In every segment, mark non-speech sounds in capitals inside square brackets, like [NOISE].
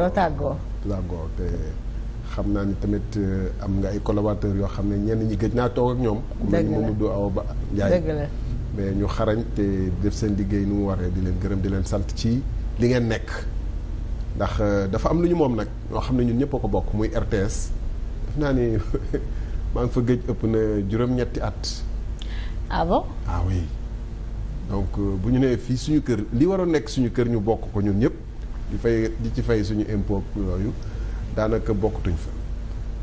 doo tàggoo te xam naa ni tamit eh, am nga ay collaborateurs yoo xam ne ñenn ñi gëj naa toog ak ñoom ku mu du Mamadou Awa Ba Ndiaye mais ñu xarañ te def seen liggéey ni mu waree di leen gërëm di leen sant ci li ngeen nekk ndax eh, dafa am lu ñu moom nag ñoo xam ne ñun ñëpp a ko bokk muy RTS def naa ni [LAUGHS] maa ngi fa géej ëpp na juróom-ñetti at. ah bon ah oui donc eh, bu ñu nee fii suñu kër li waroon nekk suñu kër ñu bokk ko ñun ñëpp. di fay di ci fay suñu impôt yooyu daanaka bokkutuñ fa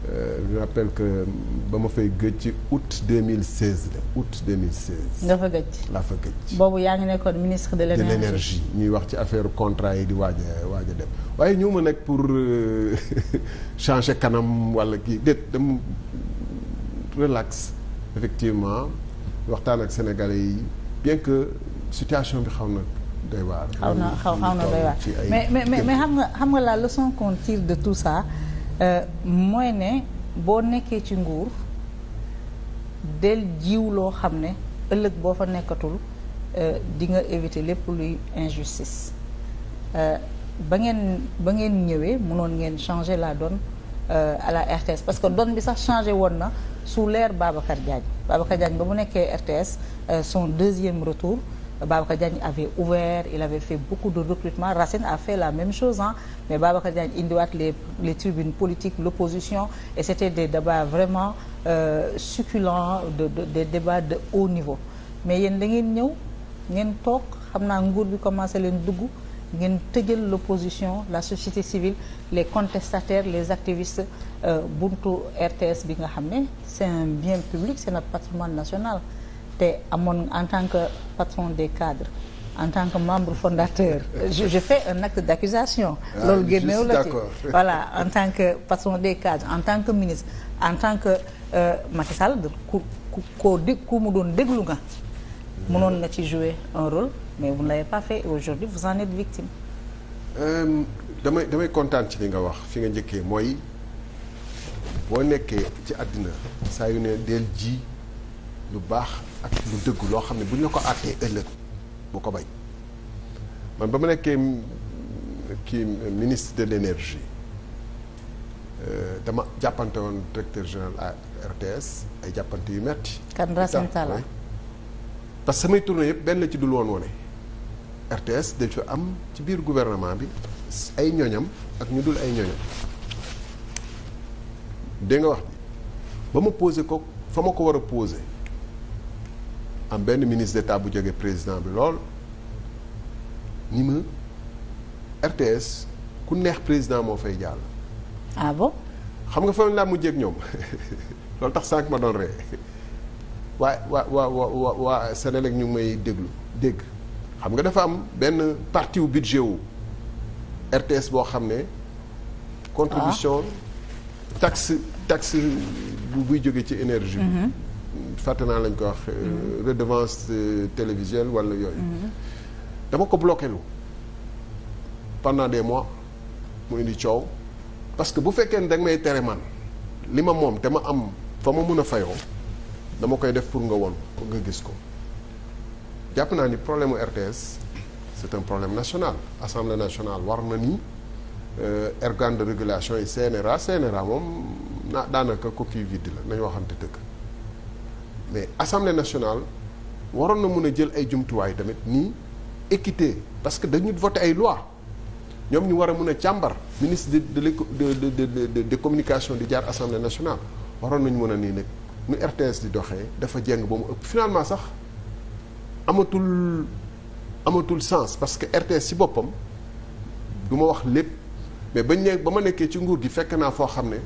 euh, je rappelle que ba ma fay gëj ci août 2016 la août 2016. nga fa gëj laa fa gëj. boobu yaa ngi nekkoon ministre de l' ñuy wax ci affaire contrat yi di waaj a waaj dem waaye ñëw ma nag pour euh, [LAUGHS] changer kanam wala kii déet dama relax effectivement waxtaan ak sénégalais yi bien que situation bi xaw na. doy xaw na xaw xaw na doy waar mais mais mais xam nga xam nga la leçon qu'on tire de tout ça euh, mooy ne boo nekkee ci nguur del jiw loo xam ne ëllëg boo fa nekkatul euh, di nga éviter lépp luy injustice euh, ba ngeen ba ngeen ñëwee noon ngeen changer la donne à la RTS parce que donne bi sax changé woon na su leer Babacar Diagne Babacar Diagne ba mu nekkee RTS son deuxième retour Babacar Diagne avait ouvert il avait fait beaucoup de recrutement Racine a fait la même chose hein mais Babacar Diagne indiwaat les les tribunes politiques l'opposition et c'était des débats vraiment euh, succulents de, de des débats de haut niveau mais yéen da ngeen ñëw ngeen toog xam naa nguur bi commencé leen dugg ngeen tëjal l'opposition la société civile les contestataires les activistes euh, buntu RTS bi nga xam ne c'est un bien public c'est notre patrimoine national te amoon en tant que patron des cadres en tant que membre fondateur je, je fais un acte d'accusation ah, loolu génneew la ci [LAUGHS] voilà en tant que patron des cadres en tant que ministre en tant que euh, Macky Sall ku ku koo ku mu doon déglu nga mënoon nga ci jouer un rôle mais vous ne l'avez pas fait et aujourd'hui vous en êtes victime euh, damay damay kontaan ci li nga wax fi nga njëkkee mooy boo nekkee ci àddina saa yu ne del ji lu baax ak lu dëgg loo xam ne bu ñu la ko àttee ëllëg bu ko bañ man ba ma nekkee kii ministre de l'énergie euh, dama jàppante woon directeur général à RTS ay jàppante yu metti kan Racine Talla parce que samay tournée yëpp benn la ci dul woon wone RTS dañ fa am ci biir gouvernement bi ay ñoñam ak ñu dul ay ñoñam dégg nga wax bi ba ma posé ko fa ma ko war a posé am benn ministre d'état bu jóge président bi lool ni ma RTS ku neex président moo fay jàll. ah xam nga fan laa mu ak ñoom [LAUGHS] loolu tax sànq ma doon ree waa waa waa waa waa Sénélec ñu may déglu dégg xam nga dafa am benn partie wu budget wu RTS boo xam ne. contribution ah. taxe taxe buy jóge ci énergie mm-hmm. fàtte naa lañ ko wax. Euh, mm-hmm. redevance euh, télévisuelle wala yooyu. Mm-hmm. dama ko bloqué pendant des mois mu indi coow parce que bu fekkee ne danga may tere man li ma moom te ma am fa ma mën a fayoo dama koy def pour nga won nga gis ko jàpp naa ni problème mu RTS c'est un problème national assemblée nationale war na ni euh, organe de régulation yi CNRA CNRA moom na daanaka coquille vide la nañu waxante dëgg. mais assemblée nationale waroon na mën a jël ay jumtuwaay tamit nii équité parce que dañu voté ay loi ñoom ñu war a mën a càmbar ministre de de de de de communication di jaar assemblée nationale waroon nañu mën a nii nag nu RTS di doxee dafa jeng ba mu ëpp finalement sax amatul amatul sens parce que RTS ci boppam du ma wax lépp mais bañ ne ba ma nekkee ci nguur gi fekk naa foo xam ne.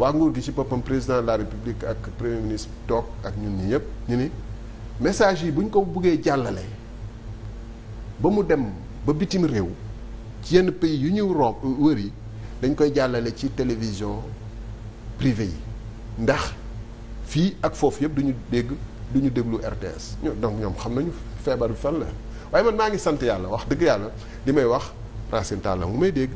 waa nguur gi ci boppam président la république ak premier ministre toog ak ñun ñi yëpp ñu ni message yi bu ñu ko buggee jàllale ba mu dem ba bitim réew ci yenn pays yu ñuy romb wër yi dañ koy jàllale ci télévision privée yi ndax fii ak foofu yëpp duñu dégg du ñu déglu RTS donc ñoom xam nañu feebar bi fan la waaye man maa ngi sant yàlla wax dëgg yàlla li may wax Racine Talla mu may dégg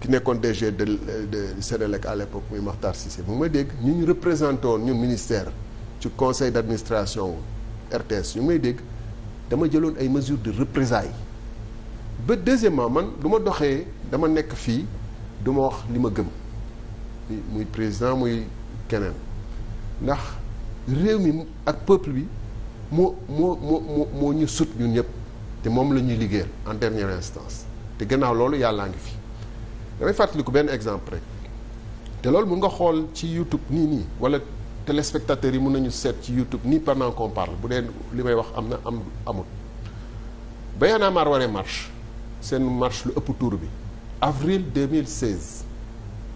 ki nekkoon DG de de Sénélec à l'époque muy Makhtar Cissé mu may dégg ñu ñu représenté woon ñun ministère ci conseil d'administration RTS ñu may dégg dama jëloon ay mesures de représailles ba deuxièmement man du ma doxee dama nekk fii duma wax li ma gëm muy président muy keneen ndax réew mi ak peuple bi moo moo moo moo ñu sut ñun ñëpp te moom la ñuy liggéeyal en dernière instance te gannaaw loolu yàllaa ngi fi damay ko benn exemple rek te loolu mun nga xool ci YouTube nii nii wala téléspectateurs yi mun nañu seet ci YouTube nii pendant qu'on parle bu dee li may wax am na am amut ba Y'en a marre waree marche seen marche lu ëpp tour bi avril 2016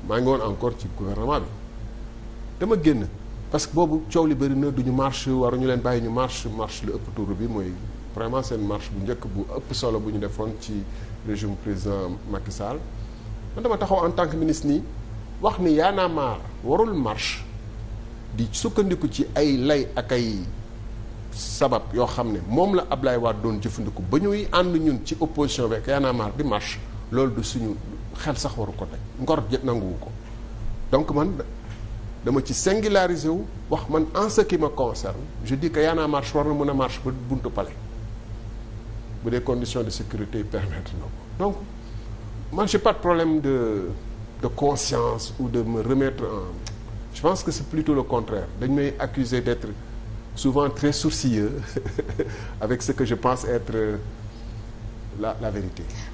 maa ngi woon encore ci gouvernement bi dama génn parce que boobu coow li bëri na duñu war ñu leen bàyyi ñu marche marche lu ëpp tour bi mooy vraiment seen marche bu njëkk bu ëpp solo bu ñu defoon ci régime président Macky man dama taxaw en tant que ministre nii wax ni Y'en warul marche di sukkandiku ci ay lay ak ay sabab yoo xam ne moom la ab Ablaye Wade doon jëfandiku ba ñuy ànd ñun ci opposition bi ak Y'en a di marche loolu du suñu xel sax waru ko teg ngor nanguwu ko donc man dama ci singulariser wu wax man en ce qui me concerne je dis que Y'en a marre war na mën a marche ba buntu palais bu dee condition de sécurité yi permettre na ko donc man j'ai pas de problème de de conscience ou de me remettre en je pense que c'est plutôt le contraire dañ may accuser d'être souvent très sourcilleux [LAUGHS] avec ce que je pense être la la vérité